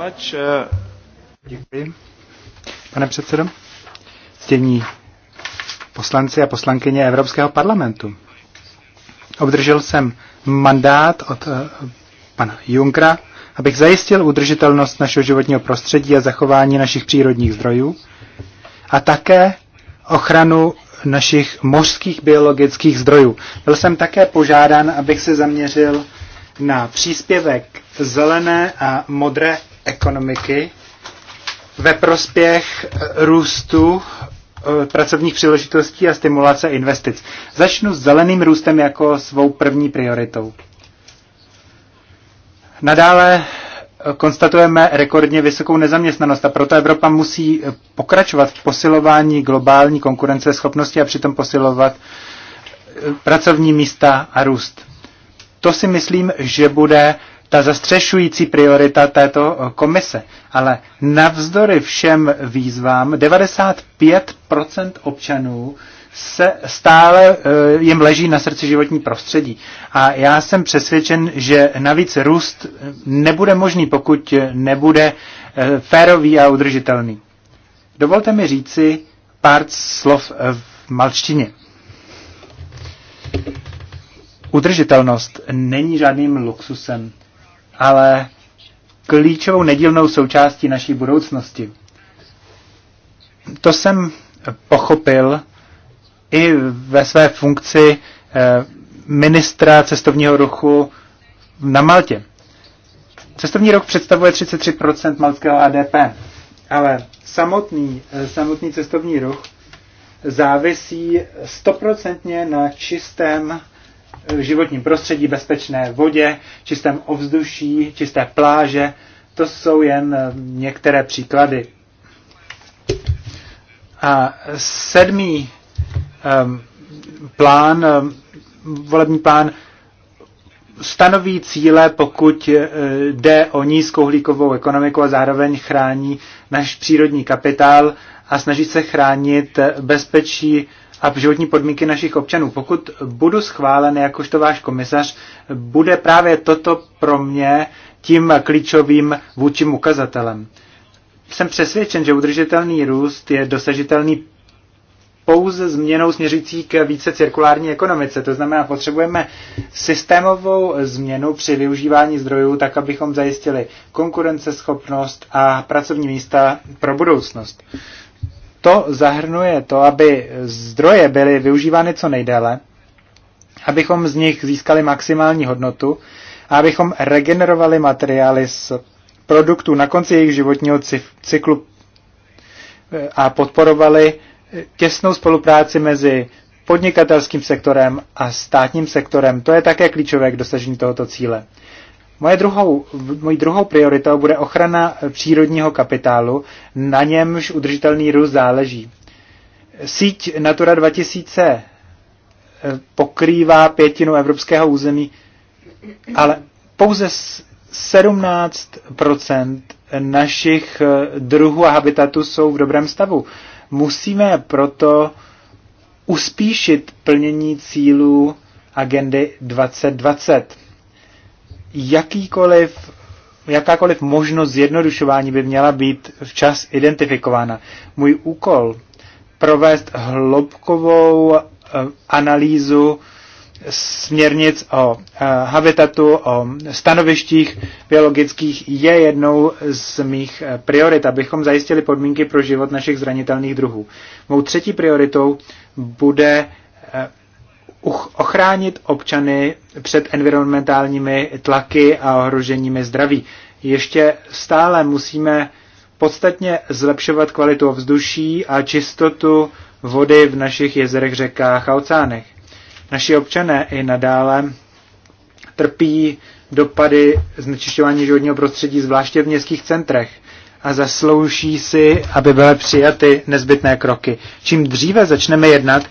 Eh, Děkuji. Pane předsedo, stění poslanci a poslankyně Evropského parlamentu. Obdržel jsem mandát od uh, pana Junkra, abych zajistil udržitelnost našeho životního prostředí a zachování našich přírodních zdrojů a také ochranu našich mořských biologických zdrojů. Byl jsem také požádán, abych se zaměřil na příspěvek zelené a modré ekonomiky ve prospěch eh, růstu eh, pracovních příležitostí a stimulace investic. Začnu s zeleným růstem jako svou první prioritou. Nadále eh, konstatujeme rekordně vysokou nezaměstnanost a proto Evropa musí pokračovat v posilování globální konkurenceschopnosti a přitom posilovat pracovní místa a růst. To si myslím, že bude ta zastřešující priorita této eh, komise. Ale navzdory všem výzvám 95% občanů se stále eh, jim leží na srdci životní prostředí. A já jsem přesvědčen, že navíc růst nebude možný, pokud nebude eh, férový a udržitelný. Dovolte mi říci pár slov v malštině. Udržitelnost není žádným luxusem ale klíčovou nedílnou součástí naší budoucnosti. To jsem pochopil i ve své funkci eh, ministra cestovního ruchu na Maltě. Cestovní ruch představuje 33% maltského ADP, ale samotný, eh, samotný cestovní ruch závisí stoprocentně na čistém v životním prostředí, bezpečné vodě, čistém ovzduší, čisté pláže. To jsou jen eh, některé příklady. A sedmý um, plán, um, volební plán, stanoví cíle, pokud eh, jde o nízkouhlíkovou ekonomiku a zároveň chrání náš přírodní kapitál a snaží se chránit bezpečí a životní podmínky našich občanů. Pokud budu schválen jakožto váš komisař, bude právě toto pro mě tím klíčovým vůčím ukazatelem. Jsem přesvědčen, že udržitelný růst je dosažitelný pouze změnou směřící k více cirkulární ekonomice. To znamená, potřebujeme systémovou změnu při využívání zdrojů, tak abychom zajistili konkurenceschopnost a pracovní místa pro budoucnost. To zahrnuje to, aby zdroje byly využívány co nejdéle, abychom z nich získali maximální hodnotu a abychom regenerovali materiály z produktů na konci jejich životního cyklu eh, a podporovali eh, těsnou spolupráci mezi podnikatelským sektorem a státním sektorem. To je také klíčové k dosažení tohoto cíle. Moje druhou, mojí druhou prioritou bude ochrana přírodního kapitálu, na němž udržitelný růst záleží. Síť Natura 2000 eh, pokrývá pětinu evropského území, ale pouze 17 našich eh, druhů a habitatů jsou v dobrém stavu. Musíme proto uspíšit plnění cílů agendy 2020 jakýkoliv, jakákoliv možnost zjednodušování by měla být včas identifikována. Můj úkol provést hloubkovou eh, analýzu směrnic o eh, habitatu, o stanovištích biologických je jednou z mých eh, priorit, abychom zajistili podmínky pro život našich zranitelných druhů. Mou třetí prioritou bude ochránit občany před environmentálními tlaky a ohroženími zdraví. Ještě stále musíme podstatně zlepšovat kvalitu ovzduší a čistotu vody v našich jezerech, řekách a oceánech. Naši občané i nadále trpí dopady znečišťování životního prostředí, zvláště v městských centrech a zaslouží si, aby byly přijaty nezbytné kroky. Čím dříve začneme jednat,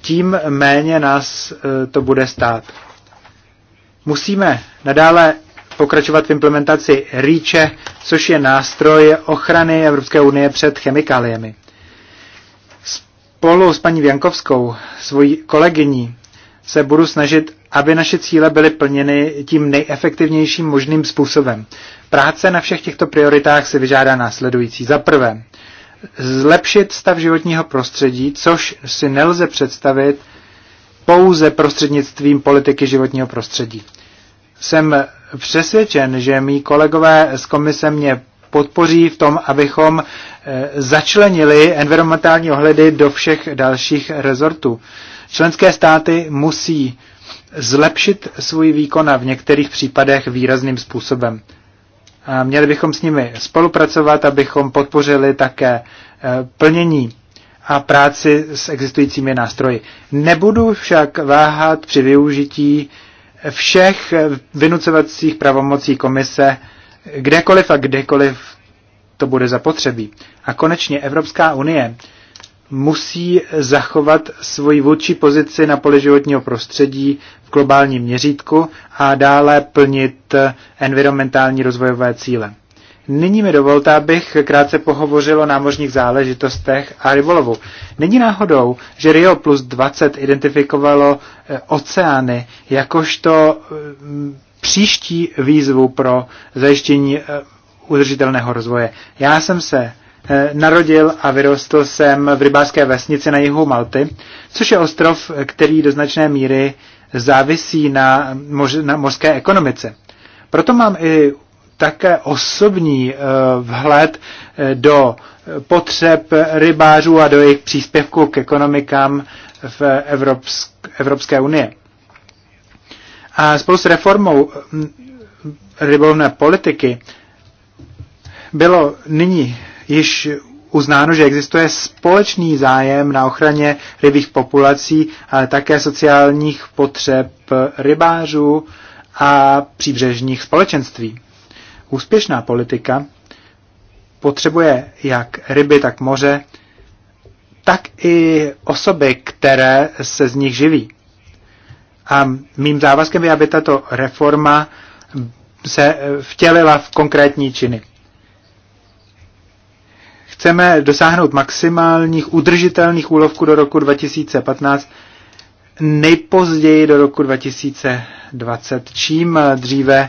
tím méně nás eh, to bude stát. Musíme nadále pokračovat v implementaci REACHe, což je nástroj ochrany Evropské unie před chemikáliemi. Spolu s paní Věnkovskou, svojí kolegyní, se budu snažit, aby naše cíle byly plněny tím nejefektivnějším možným způsobem. Práce na všech těchto prioritách se vyžádá následující. Za prvé, zlepšit stav životního prostředí, což si nelze představit pouze prostřednictvím politiky životního prostředí. Jsem přesvědčen, že mý kolegové z komise mě podpoří v tom, abychom eh, začlenili environmentální ohledy do všech dalších rezortů. Členské státy musí zlepšit svůj výkon a v některých případech výrazným způsobem. A měli bychom s nimi spolupracovat, abychom podpořili také e, plnění a práci s existujícími nástroji. Nebudu však váhat při využití všech vynucovacích pravomocí komise kdekoliv a kdekoliv to bude zapotřebí. A konečně Evropská unie musí zachovat svoji vůdčí pozici na poli životního prostředí v globálním měřítku a dále plnit environmentální rozvojové cíle. Nyní mi dovolte, abych krátce pohovořil o námořních záležitostech a rybolovu. Není náhodou, že Rio plus 20 identifikovalo eh, oceány jakožto mm, příští výzvu pro zajištění eh, udržitelného rozvoje. Já jsem se Eh, narodil a vyrostl jsem v rybářské vesnici na jihu Malty, což je ostrov, který do značné míry závisí na, moř, na mořské ekonomice. Proto mám i také osobní eh, vhled eh, do potřeb rybářů a do jejich příspěvku k ekonomikám v Evropsk, Evropské unie. A spolu s reformou hm, rybovné politiky bylo nyní již uznáno, že existuje společný zájem na ochraně rybích populací, ale také sociálních potřeb rybářů a příbřežních společenství. Úspěšná politika potřebuje jak ryby, tak moře, tak i osoby, které se z nich živí. A mým závazkem je, aby tato reforma se vtělila v konkrétní činy chceme dosáhnout maximálních udržitelných úlovků do roku 2015, nejpozději do roku 2020. Čím dříve,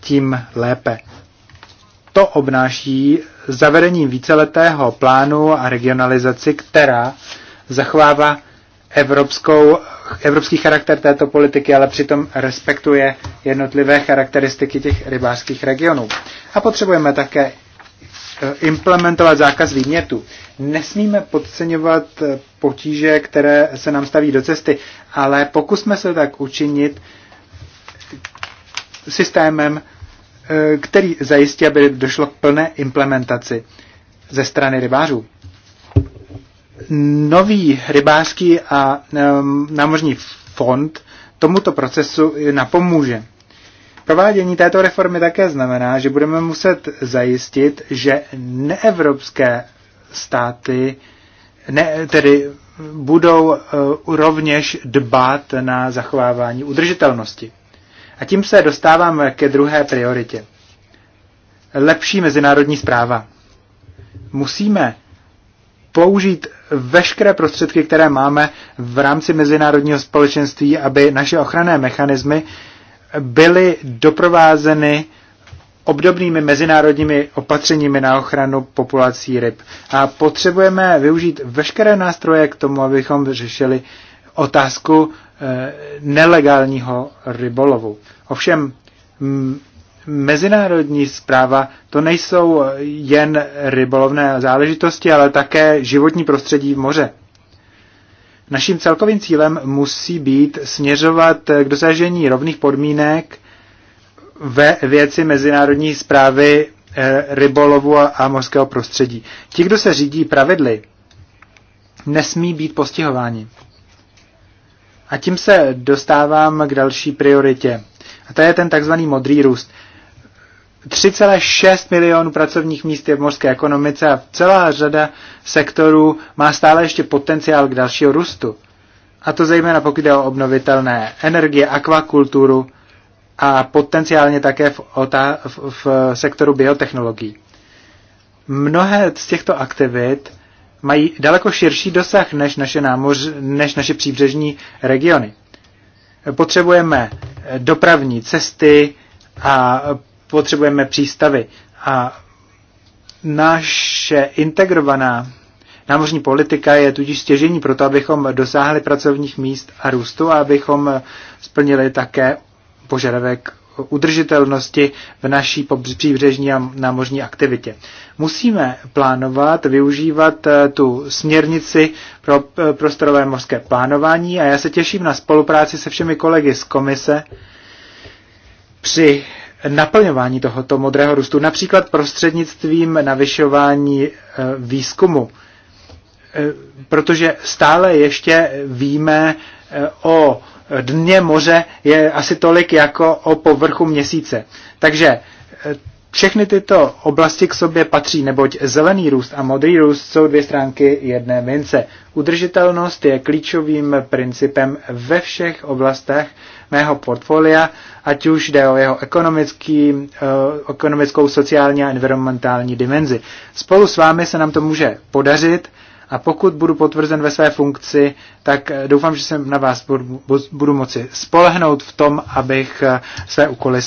tím lépe. To obnáší zavedení víceletého plánu a regionalizaci, která zachovává evropskou, evropský charakter této politiky, ale přitom respektuje jednotlivé charakteristiky těch rybářských regionů. A potřebujeme také Eh, implementovat zákaz výmětu. Nesmíme podceňovat eh, potíže, které se nám staví do cesty, ale pokusme se tak učinit systémem, eh, který zajistí, aby došlo k plné implementaci ze strany rybářů. Nový rybářský a námořní fond tomuto procesu napomůže. Provádění této reformy také znamená, že budeme muset zajistit, že neevropské státy ne, tedy budou uh, rovněž dbát na zachovávání udržitelnosti. A tím se dostáváme ke druhé prioritě. Lepší mezinárodní zpráva. Musíme použít veškeré prostředky, které máme v rámci mezinárodního společenství, aby naše ochranné mechanismy byly doprovázeny obdobnými mezinárodními opatřeními na ochranu populací ryb. A potřebujeme využít veškeré nástroje k tomu, abychom řešili otázku eh, nelegálního rybolovu. Ovšem, mezinárodní zpráva to nejsou jen rybolovné záležitosti, ale také životní prostředí v moře. Naším celkovým cílem musí být směřovat k dosažení rovných podmínek ve věci mezinárodní zprávy eh, rybolovu a mořského prostředí. Ti, kdo se řídí pravidly, nesmí být postihováni. A tím se dostávám k další prioritě. A to je ten takzvaný modrý růst. 3,6 milionů pracovních míst je v mořské ekonomice a celá řada sektorů má stále ještě potenciál k dalšího růstu. A to zejména pokud jde o obnovitelné energie, akvakulturu a potenciálně také v, otá, v, v sektoru biotechnologií. Mnohé z těchto aktivit mají daleko širší dosah než naše, námoř, než naše příbřežní regiony. Potřebujeme dopravní cesty a potřebujeme přístavy. A naše integrovaná námořní politika je tudíž stěžení pro to, abychom dosáhli pracovních míst a růstu a abychom splnili také požadavek udržitelnosti v naší příbřežní a námořní aktivitě. Musíme plánovat, využívat eh, tu směrnici pro eh, prostorové mořské plánování a já se těším na spolupráci se všemi kolegy z komise při naplňování tohoto modrého růstu, například prostřednictvím navyšování e, výzkumu. E, protože stále ještě víme e, o dně moře je asi tolik jako o povrchu měsíce. Takže všechny tyto oblasti k sobě patří, neboť zelený růst a modrý růst jsou dvě stránky jedné mince. Udržitelnost je klíčovým principem ve všech oblastech mého portfolia, ať už jde o jeho ekonomický, eh, ekonomickou, sociální a environmentální dimenzi. Spolu s vámi se nám to může podařit a pokud budu potvrzen ve své funkci, tak eh, doufám, že se na vás budu, budu moci spolehnout v tom, abych eh, své úkoly